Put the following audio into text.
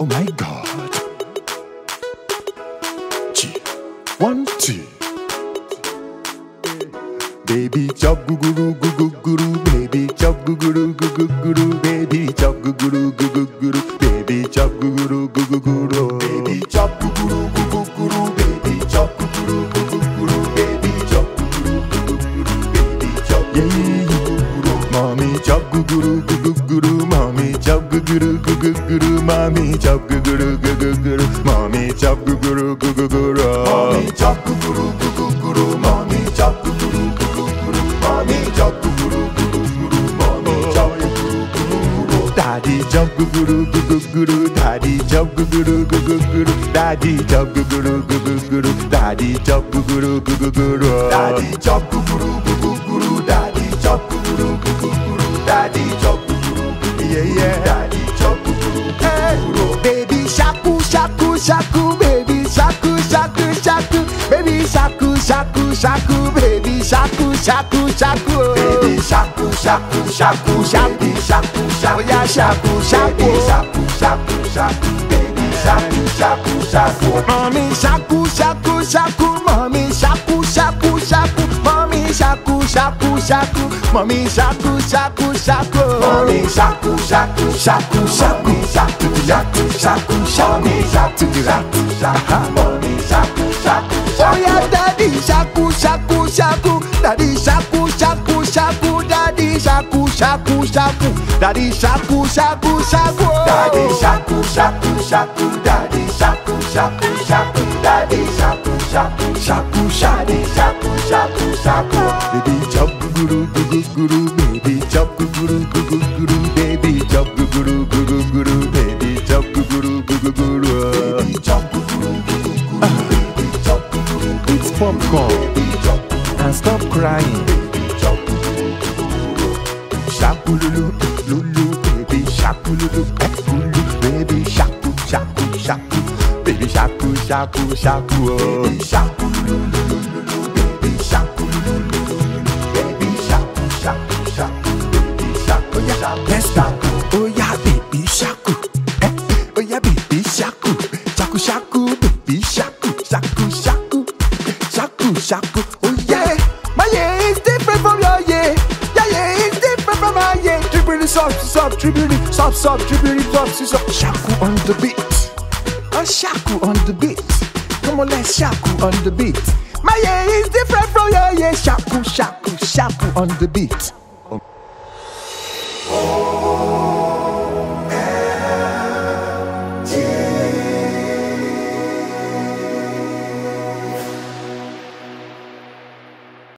Oh my God. G. One, two. Baby chop goo goo goo goo goo baby chop goo goo goo goo goo baby chop goo goo goo goo goo baby chop goo goo goo goo goo baby chop goo goo goo goo goo baby chop goo goo goo goo goo baby chop goo goo goo goo goo baby chop yeah yeah yeah mommy chop goo goo goo goo goo 잡그그르 그그그르 마미 잡그그르 그그그르 마미 잡그그르 그그그르 마미 잡그그르 그그그르 마미 잡그그르 그그그르 마미 잡그그르 그그그르 마미 잡그그르 그그그르 다리 잡그그르 그그그르 다리 잡그그르 그그그르 다리 잡그그르 그그그르 다리 잡그그르 그그그르 다리 잡그그르 그그그르 다리 잡그그르 그그그르 다리 shaku, baby shaku, shaku, shaku, baby shaku, shaku, shaku, baby shaku, shaku, shaku, baby shaku, shaku, shaku, shaku, shaku, shaku, baby shaku, shaku, shaku, shaku, shaku, baby shaku, shaku, shaku, shaku, shaku, shaku. shaku shaku, mami shaku shaku, shaku mami shaku, shaku shaku shaku, jacu, shaku shaku, shaku shaku jacu, shaku shaku shaku, shaku jacu. Oh yeah, daddy shaku, shaku shaku daddy shaku shaku shaku, daddy shaku shaku, shaku daddy shaku, shaku shaku daddy shaku shaku shaku, daddy shaku shaku, shaku daddy shaku, shaku shaku jacu taco. Baby jump, guru guru guru, baby jump, guru guru guru, baby jump, guru guru guru, baby jump, guru guru guru, baby jump, guru guru guru. It's popcorn and stop crying. Shakululu lulu, baby shakululu lulu, baby shaku shaku shaku, baby shaku shaku shaku, baby shakululu. shaku, be shaku, shaku, shaku, shaku, shaku. Oh yeah, my yeah is different from your yeah. Yeah yeah is different from my yeah. Dribbling soft, soft, dribbling soft, soft, dribbling soft, soft. Shaku on the beat, a shaku on the beat. Come on, let's shaku on the beat. My yeah is different from your yeah. Shaku shaku shaku on the beat.